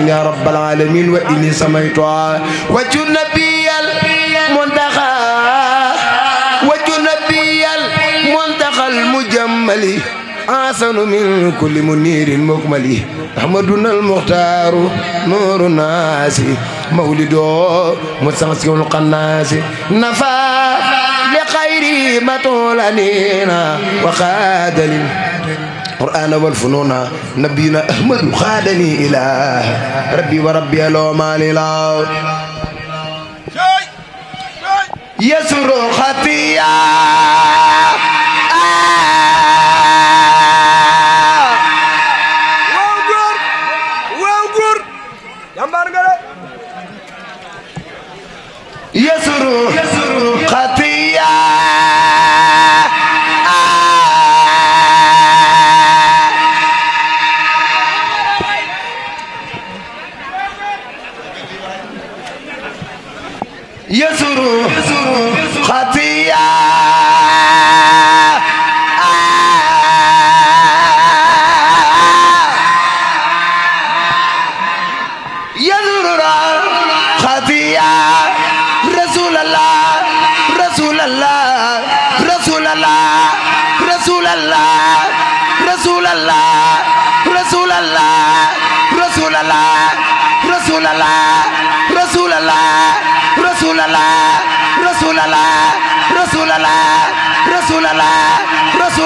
يا رب العالمين وإني سميتها وجه النبي المنتخى وجه النبي المنتخى المجمل أحسن من كل منير مكمل أحمدنا المختار نور الناس مولده مستمسك القناس نفى لخير ما طول علينا وخادل القرآن والفنون نبينا أحمد خادني إله ربي وربي لوما لله يسر خطيئة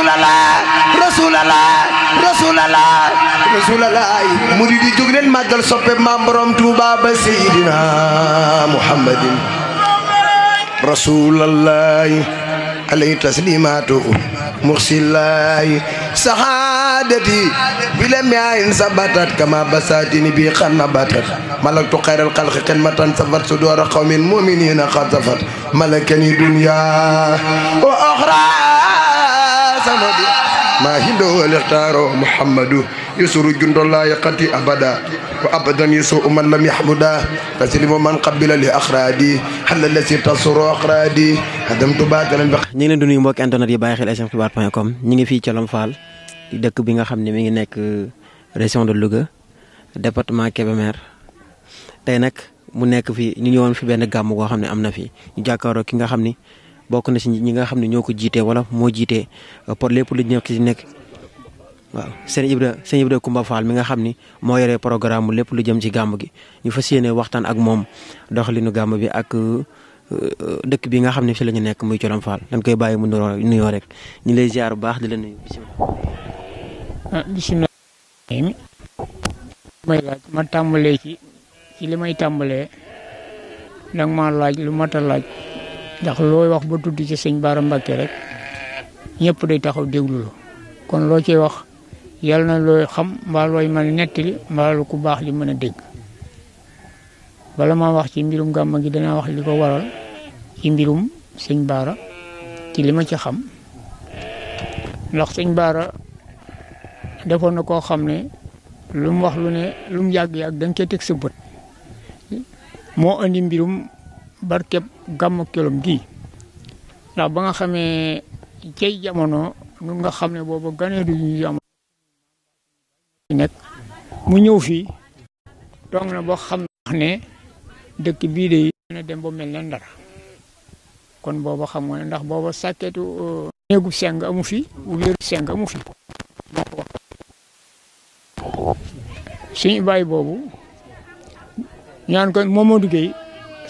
Rasulallah Rasulallah Rasulallah Rasulallah muridi jóg leen màggal soppe maam borom Tuuba ba Muhammadin Rasulallah alayhi taslimatu mursillahi سعادتي بلا معين سبتت كما بساتني بي خن باتت ملكت خير صمد ما هندو والاختار محمد يسر جند لا يقتي أبدا وأبدا يسوء من لم يحمدا تسلم من قبل لأخرادي هل الذي ñi mbok internet yi baye xel ñi ngi fi ci lam fal di dekk bi nga xamne mi ngi nek euh, région de Louga département kebemer tay nak mu nek fi ñu ñewon fi ben gam go amna fi ñu jakkaro ki nga bokk na si ñi nga xam ne ñoo ko jiitee wala moo jiitee euh, pour lépp lu nekk ci nekk waaw sëñ Ibra sëñ Ibra Kumba Fall mi nga xam ni moo yore programme mu lépp lu jëm ci gàmm gi ñu fas yéene waxtaan ak moom doxalinu gàmm bi ak euh, euh, dëkk bi nga xam ne fi la nekk muy Colom Fall dañ koy bàyyi mu nuyoo rek ñu lay ziar bu baax di la nuyu ah, bisimilah. may ma tàmbalee ci li may tàmbalee ndax ma laaj lu mat laaj. ndax looy wax ba tuddi ci sëñ baara mbàkke rek ñëpp day taxaw déglu lo kon loo cay wax yàlla na looy xam mbaa looy mën a nettali mbaa lu ku baax li mën a dégg bala maa wax ci mbirum gàmm gi danaa wax li ko waral ci mbirum sëñ baara ci li ma ci xam ndax sëñ baara defoon na koo xam ne lu mu wax lu ne lu mu yàgg yàgg cee teg sa andi mbirum barkeb gàmmu Kelom gi ndax ba nga xamee cay jamono nun nga xam ne boobu ganeeru ñu jamono nekk mu ñëw fii toog na boo xam ne dëkk bii de na dem ba mel na ndara kon booba xam nga ne ndax booba sàkketu euh, néegu seng amu fi wéeru seng amu fi moo ko wax suñu bàyyi boobu ñaan ko Momadou Gueye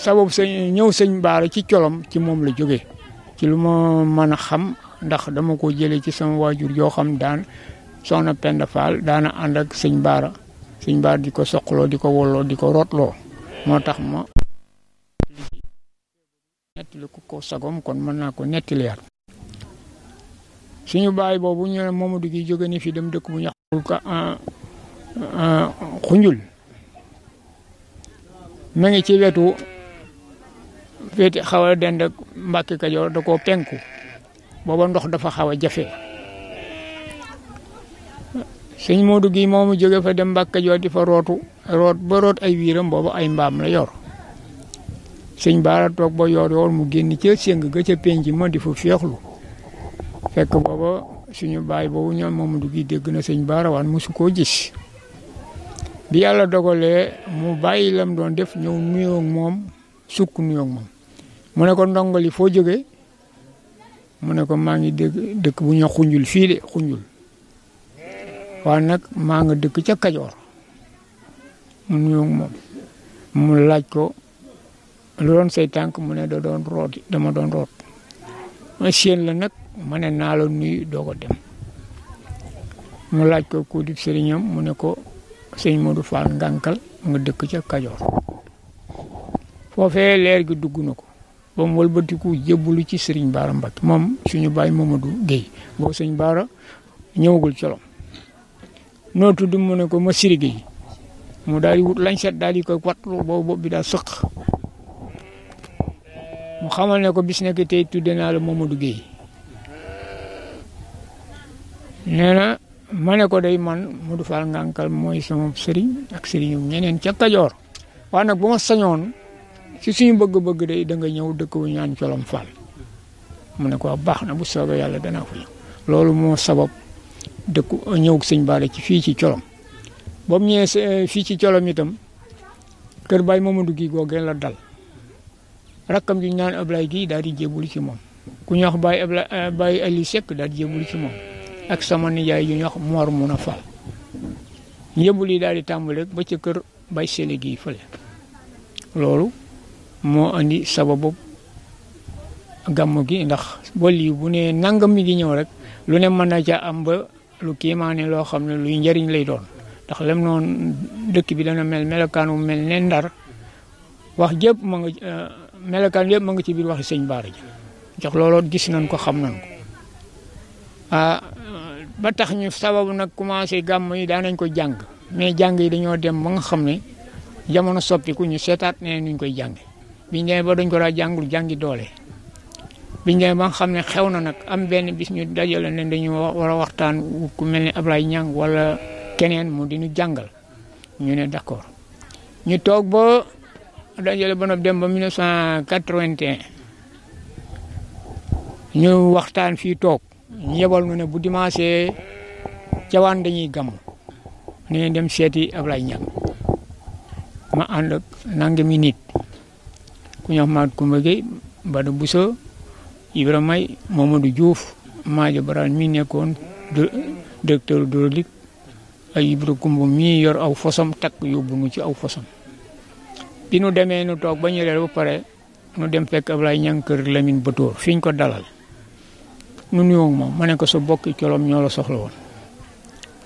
sababu señ ñew señ baara ci ciolom ci moom la jóge ci lu ma mën a xam ndax dama ko jëlee ci sama waajur yoo xam daan soxna penda faal daana ànd ak señ baara señ baara di ko soqloo di ko wolloo di ko rotloo moo tax ma nettali ko ko sagom kon mën naa ko nettaliyaat suñu baay boobu ñu ne Mamadou gi jóge ni fi dem dëkk bu ñaxul ka xunjul ci wetu féete xawa a dend ak Mbàkke Kajoor da ko penku booba ndox dafa xawa jafé jafe Modou gi momu jóge fa dem di fa rotu rot ba rot ay wiiram booba ay mbam la yor sëñ bara tok bo yor yor mu genn ci seng ga ca penji ma di fa féexlu fekk booba suñu baay boobu ñoom du gi degg na sëñ bara wan musu ko gis bi yalla dogalee mu bayilam don def ñëw nuyoo mom sukk nuyoog mom mu ne ko ndongali fo joge mu ne ko maa ngi dëkk dëkk bu ñu xunjul fii de xunjul wa nak ma nga dëkk ca Kajoor mu nuyoog mom mu laaj ko lu doon sey tank mu ne do don rot dama don rot ma seen la nak ma ne na la nuy dogo dem mu laaj ko ko dib serignam mu ne ko sëñ Modou Fall Ngankal nga dëkk ca Kajoor fofé leer gi dugg na ko ba mu wëlbatiku jébbalu ci Serigne Bara Mbacke mom suñu baay Mamadou Guèye boo sëñ Bara ci lom no tuddu mu ne ko ma Siri Guèye mu daal di wut lañset daal di koy watlu boobu bopp bi daal sëq mu xamal ne ko bis nekk tey tudde naa la Mamadou gey nee na ko day man Modou Fall Ngankal mooy sama sëriñ ak sëriñum ñeneen ca Kajoor waaye nag bu ma ci suñu bëgg-bëgg day da nga ñëw dëkk wu ñaan colom fal mu ne ko baax na bu soobee yàlla danaa ya. ko ñëw loolu moo sabab dëkk ñëw sëñ baale ci fii ci colom eh, ba mu ñëwee fii ci colom itam kër Baye Mamadou gi googee la dal rakam ju naan ablay gi daal di jébul ci moom ku ñuy wax Baye Ablaye eh, Ali Seck daal di jébul ci moom ak sama nijaay yu ñuy wax mu na fal njébul yi daal di tàmbale ba ci kër bay Sele gi fële ya. loolu moo andi sababu gàmm gi ndax wàll yi bu nee nangam mi di ñëw rek lu ne mën a ca am ba lu kiimaane loo xam ne lu njëriñ lay doon ndax lem noonu dëkk bi dana mel melokaan wu mel ne ndar wax jëpp ma nga euh, melokaan yëpp ma nga ci biir waxi sëñ Baara ji jox looloo gis nañ ko xam nañ ko ah, ba tax ñu sababu nag commencé gàmm yi daan nañ ko jàng mais jàng yi dañoo dem ba nga xam ne jamono soppiku ñu seetaat ne nuñ koy jànge biñ demee ba duñ ko daa jàngul jàngi doole biñ demee ba xam ne xew na nag am benn bis ñu dajale ne dañu war a waxtaan ku mel ne Ablaye Niang wala keneen mu di ñu jàngal ñu ne d' accord ñu toog ba dajale ba nopp dem ba 1981 ñu waxtaan fii toog ñu yebal ñu ne bu dimanche cawaan dañuy gam ne dem seeti ma ànd ak nangami nit ku ñox maat Kumba buso Bada Bousso Ibra May momadou Diouf Maajo Baral mi nekkoon directeur hydraulique ay Ibra Kumba mi yor aw fosom tak yóbbu nu ci aw fosom bi nu demee nu toog ba ñu ba pare nu dem fekk ablay Ñang Lamine Batoor fiñ ko dalal nu nuyoo moom ma ne ko sa bokki colom ñoo la soxla woon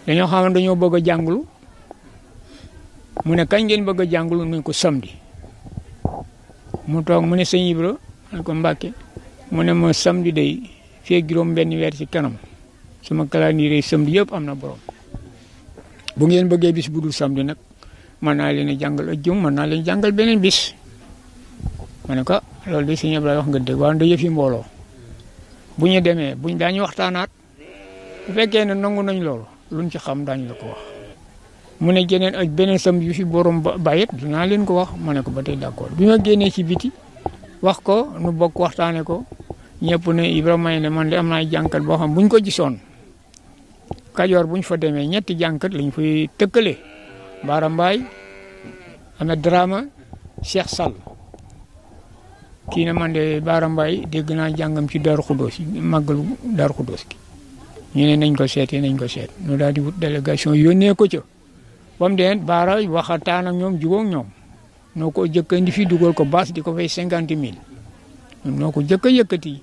dañoo xam dañoo bëgg a jàngulu mu ne kañ ngeen bëgg a jàngulu nuñ ko samedi mu toog mu ne sëñ ibro man ko Mbàkke mu ne ma samedi day fee juróom benn weer ci kanam sama calendrier samedi yëpp am na borom bu ngeen bëggee bis bu dul samedi nak man naa leen a jàngal ajjum man naa leen jàngal beneen bis ma ne ko loolu di sëñ Abdoulaye wax nga dëgg waaye yëf yi mbooloo bu ñu demee buñ daañu waxtaanaat bu fekkee ne nangu nañ loolu luñ ci xam daañu la ko wax mu ne jeneen ak beneen sam yu fi borom ba bayit dinaa leen ko wax ma ne ko ba tey d' accord bi ma génnee ci biti wax ko nu bokk waxtaane ko ñëpp ne ibrahima ne man de am naa jànkat boo xam buñ ko gisoon kajoor buñ fa demee ñetti jànkat lañ fay tëkkale baara mbaay drama cheikh sall kii ne man de baara mbaay dégg naa jàngam ci dar xudóos màggalu daaru xudóos gi ñu ne nañ ko seete nañ ko seet nu daal wut délégation yónnee ko ca ba mu baara waxataan ak ñoom jubóog ñoom noo ko jëkk fi dugal ko baas di ko fay cinquante mille noo jëkk a yëkkati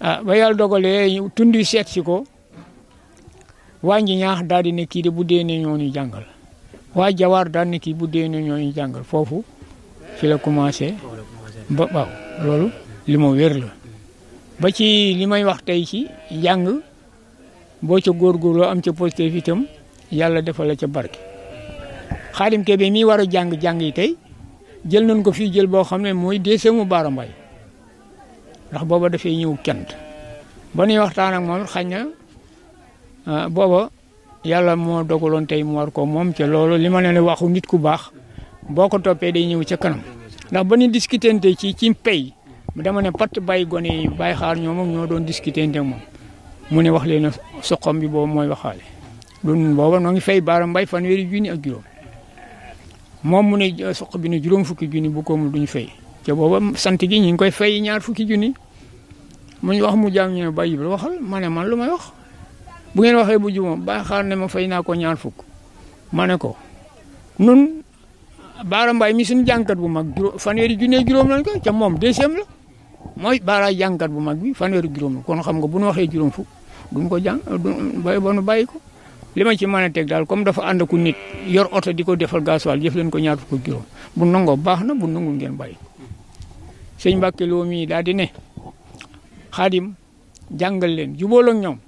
ah ba yàlla dogalee tund yi seet si ko wàññi ñaax daal di ne kii de bu dee ne ñoo jàngal waa jawaar daal ne kii bu dee ne ñoo jàngal foofu fi la commencé ba waaw loolu li ma la ba ci li may wax tey ci jàng boo ca góorgóorloo am ca positif itam yàlla defal la ca barke xaadim bi mii war a jàng jàng yi tey jël nañ ko fii jël boo xam ne mooy dese mu baara mbay ndax booba dafay ñëw kent ba nuy waxtaan ak moom xañ na ah, booba yàlla moo dogaloon tey mu war ko moom ca loolu li ma leen waxu nit ku baax boo ko toppee day ñëw ca kanam ndax ba ñu discutente ci ci pay dama ne pat bàyyi gone yi bàyyi xaar ñoo ak ñoo doon discutente moom mu ne wax leen soqam bi boobu mooy waxaale loolu booba noo ngi fay baara mbay fanweeri junni ak juróom moom mu ne eh, soq bi ne juróom fukki junni bu ko mu duñu fay te booba sant gi ñu ngi koy fay ñaar fukki junni mu ñu wax mu jaam ñu ne bàyyi bi waxal ma man lu ma wax bu ngeen waxee bu juma ba xaar ne ma fay naa ko ñaar fukk ma ne ko nun baara mbay mi suñu jànkat bu mag juróom fanweeri junni juróom lañ ca moom deuxième la mooy baara jànkat bu mag bi fanweeri juróom la kon xam nga bu ñu waxee juróom fukk duñ ko jàng bay ko lima ci mën tek dal comme dafa and ku nit yor auto diko defal gasoil jëf leen ko ñaar ko juróom bu nangoo baxna bu nangul ngeen bay sëñ Mbàkke lo mi dal di ne khadim jangal leen jubol ak ñoom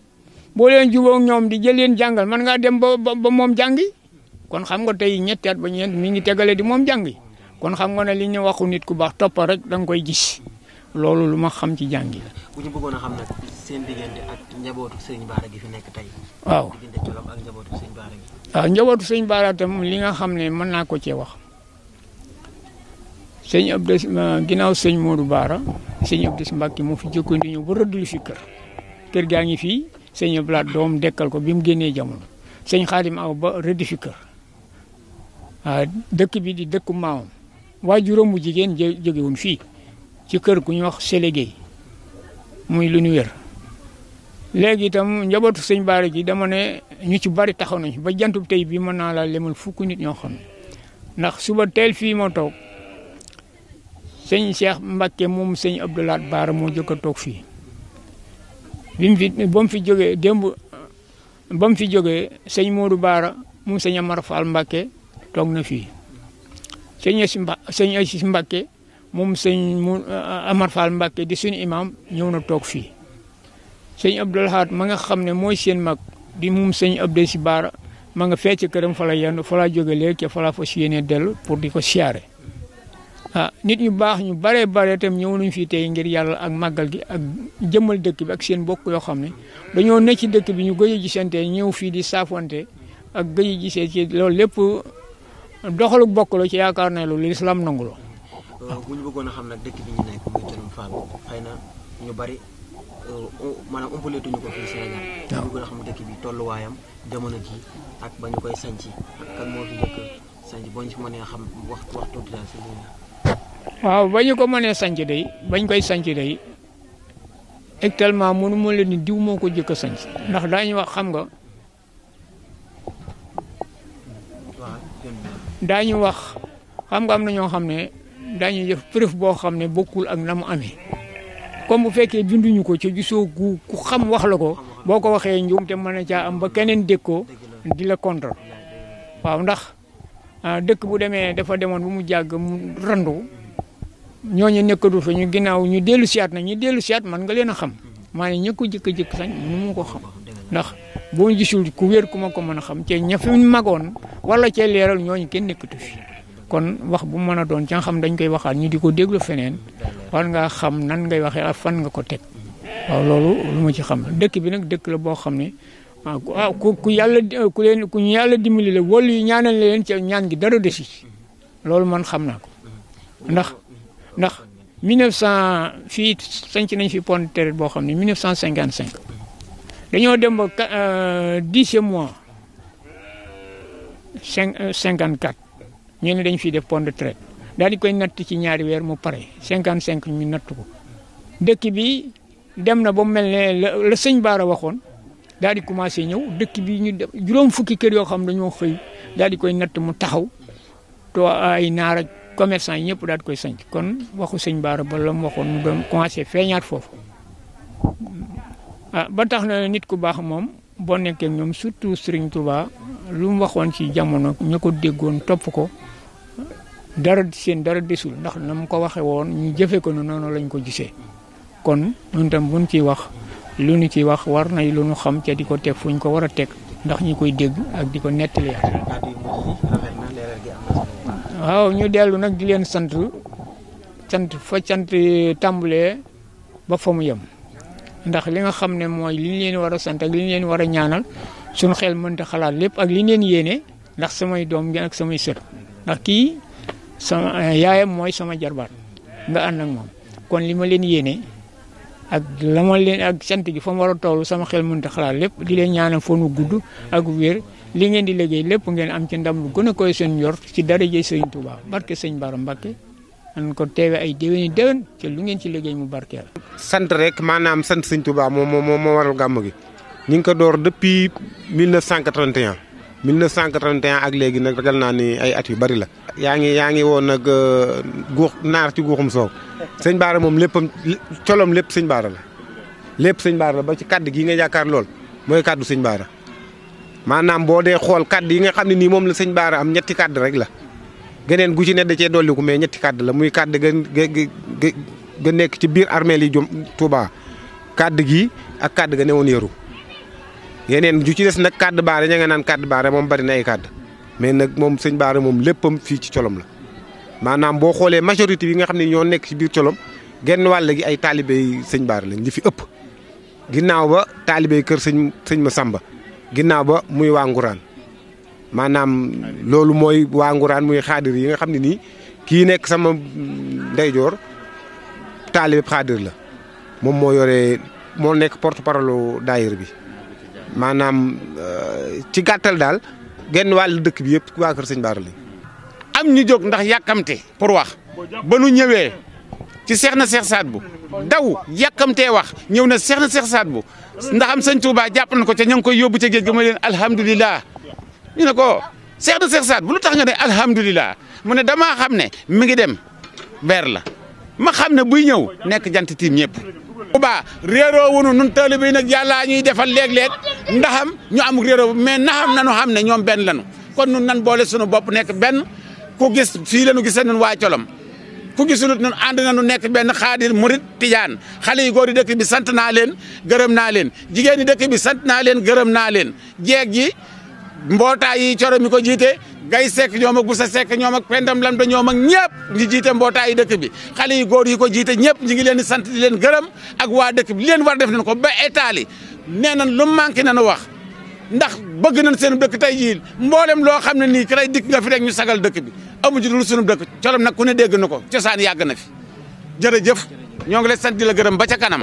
boo leen ak ñom di jël leen jangal man nga dem ba ba moom kon xam nga tay ñetti at ba mi ngi tegale di mom jangi kon xam nga ne li ñu waxu nit ku bax top rek dang koy gis loolu luma xam ci jangi bu ñu bëggona xam nak seen diggante nekk tey. waaw diggante njabootu sëñ Baara gi. li nga xam ne mën naa ko cee wax sëñ Abdou ginnaaw sëñ Modou Baara sëñ Abdou Mbacke mu fi jëkkandi ñëw ba rëddul fi kër kër gaa ngi fii sëñ Abdou Lahat doom dekkal ko bi mu génnee jamono sëñ Xaadim aw ba rëdd fi kër dëkk bi di dëkku maamam waajuram bu jigéen jógewuñ fii ci kër ku ñuy wax Sélégué muy lu ñu wér léegi itam njabootu sëñ baara gi dama ne ñu ci bari taxaw nañ ba jantub tey bi mën naa laa lemal fukk nit ñoo xam ndax suba teel fii moo toog sëñ Cheikh mbake moom sëñ Abdoulaat baara moo jëkk a toog fii bi mu fi ba fi jógee démb ba mu fi jógee sëñ Modou Bara moom sëñ Amar Fall mbake toog na fii sëñ Asi sëñ Asi moom sëñ Amar Fall di suñu imaam ñëw na toog fii seigne Abdoul Ahad ma nga xamne moy seen mag di mum seigne abdé sibar ma nga fecc kërëm fa la yenn fa la jóge léegi fa la fas yéné del pour diko ko ah nit ñu baax ñu bare bare tam ñëw nañ fi tay ngir yalla ak magal gi ak jëmmal dëkk bi ak seen bokk yo xamne dañoo ne ci dëkk bi ñu gëjë ji santé ñew fi di safonté ak gëjë ji sé ci lool lépp doxalu bokk lo ci yaakar ne loolu l'islam nangulo buñu euh, bu xam dëkk bi ñu nekk muy Thiénaba Fall fayna ñu bari Euh, maanaam umpaleetuñu ko fii waaw bi tolluwaayam jamono ji ak ba ñu koy sanc ak kan moo fi mënee xam wax wax tuuti waaw ba ñu ko mënee sanc day bañ koy sanc day actuellement mënuma ma leen ni diw moo ko jëkk a sanc ndax daañu wax xam nga. daañu wax xam nga am na ñoo xam ne daañu def preuve boo xam ne bokkul ak na mu amee. comme bu fekkee binduñu ko ci gisoo ku ku xam wax la ko boo ko waxee njuum ma mën a caa am ba keneen dégg di la contre waaw ndax a ah, dëkk bu demee dafa demoon bu mu jàgg mu randu ñooñu nekkatu fa ñu ginnaaw ñu dellu siyaat na ñu dellu siyaat man nga leen a xam maa ne ña ko jëkk-jëkk sañ mënu ma ko xam ndax boo gisul ku wér ku ma ko mën a xam cee ña fi magoon wala cee leeral ñooñu kenn nekkatu fi kon wax bu mën a doon ca nga xam dañ koy waxaat ñu di ko déglu feneen war ngaa xam nan ngay waxee ak fan nga ko teg waaw loolu lu ma ci xam dëkk bi nag dëkk la boo xam ne waaw ku ah, ku yàlla ku leen ku yàlla dimbali la wóolu yi ñaanal leen ñaan gi dara desi loolu man xam naa ko ndax ndax 1900 fii sanc nañ fi pont boo xam ne 1955 dañoo dem ba euh, dixième mois cinq euh, cinquante quatre ñu ne dañ fiy def pont de traite daal di koy natt ci ñaari weer mu pare 55 ñu natt ko dëkk bi dem na ba mu mel ne la sëñ Baara waxoon daal di commencé ñëw dëkk bi ñu juróom fukki kër yoo xam dañoo xëy daal di koy natt mu taxaw to ay naar ak ñëpp daal di koy sanc kon waxu sëñ Baara ba waxoon mu doon commencé feeñaat foofu ah ba tax na nit ku baax moom boo nekkee ñoom surtout Serigne Touba. lu mu waxoon ci jamono ñu ko déggoon topp ko dara seen dara desul ndax na mu ko waxee woon ñu jëfee ko noonu lañ ko gisee kon ñun tam buñ ciy wax lu ñu ciy wax war nay lu ñu xam ca di ko teg fu ko war a teg ndax ñi koy dégg ak di ko nettali ñu dellu nag di leen sant cant fa cant ba fa mu yem ndax li nga xam ne mooy li ñu leen war a sant ak li ñu leen war a ñaanal suñu xel ta xalaat lépp ak li ngeen yéene ndax samay doom ngeen ak samay sët ndax kii sama eh, yaayam mooy sama jarbaat nga ànd ak moom kon li ma leen yéene ak la ma leen ak sant gi fa ma war a toll sama xel ta xalaat lépp di leen ñaanal nu gudd ak wér li ngeen di liggéey lépp ngeen am ci ndam lu gën a koy seen yor ci jëy sëñ tuba barke sëñ Bara Mbacke an ko teewe ay déwéni déwén ci lu ngeen ci liggéey mu barkeel sant rek maanaam sant sëñ Touba moo moo moo waral gàmm gi ñing ko door depuis ya 1931 ak légui nak ragal na ni ay at yu bari la yaangi ngi yaa ngi nag euh, guux naar ci guuxum soow sëñ baara mom leppam colom lepp sëñ baara la lepp sëñ baara ba ci kaddu gi nga yaakaar lol moy kaddu sëñ baara manam bo de xol kaddu yi nga xamni ni mom la sëñ baara am ñetti kaddu rek la geneen gu ci ne da cee ko mais ñetti kaddu la muy kaddu ga ga nekk ci bir armée li Touba kaddu gi ak kaddu ga neewon yeru yeneen ju ci dess nak kaddu baare ña nga naan kaddu baare mom bari na ay kaddu mais nak mom seigne baare mom leppam fi ci cholom la manam bo xoolee majorité bi nga xamni ño nek ci biir cholom genn walla gi ay talibé seigne baare lañ li fi ëpp ginnaw ba talibé kër seigne seigne ma samba ginnaw ba muy wa nguran manam lolu moy wa nguran muy khadir yi nga xamni ni ki nek nekk sama ndeyjoor talibé khadir la mom mo yore mo nek porte parole daire bi maanaam euh, ci gàttal daal genn wàll dëkk bi yëpp waa kër sëñ Bara lañ am ñu jóg ndax yàkkamte pour wax ba nu ñëwee ci seex na seex saat bu daw yàkkamtee wax ñëw na seex na seex saat bu ndax am sëñ Touba jàpp na ko ca ña ngi koy yóbbu ca géej ga ma leen alhamdulilah ñu ne ko seex na seex saat bu lu tax nga ne alhamdulilah mu ne damaa xam ne mi ngi dem beer la ma xam ne buy ñëw nekk jant tiim ñëpp Touba réeroo wunu nun taalibe yi nag yàllaa ñuy defal léeg-léeg ndaxam ñu am réeroo mais naxam nanu xam ne ñoom benn lanu kon nun nan boole sunu bopp nekk benn ku gis fii la nu gisee nun waa colom ku gisulut nun ànd nañu nekk benn xaadir murit tijaan xale yi góor yi dëkk bi sant naa leen gërëm naa leen jigéen yi dëkk bi sant naa leen gërëm naa leen jeeg yi mbootaay yi coro mi ko jiite gay sekk ñoom ak busa sekk ñoom ak pendam lam da ñoom ak ñëpp ñi jiite mbootaayu dëkk bi xale yu góor yi ko jiite ñëpp ñi ngi leen di sant di leen gërëm ak waa dëkk bi li leen war def nañ ko ba état li nee nañ lu manqué nañu wax ndax bëgg nañ seen dëkk tey jii mboolem loo xam ne nii kray dikk nga fi rek ñu sagal dëkk bi amu ci seen sunu dëkk colom nag ku ne dégg na ko cosaan yàgg na fi jërëjëf ñoo ngi lay sant di la gërëm ba ca kanam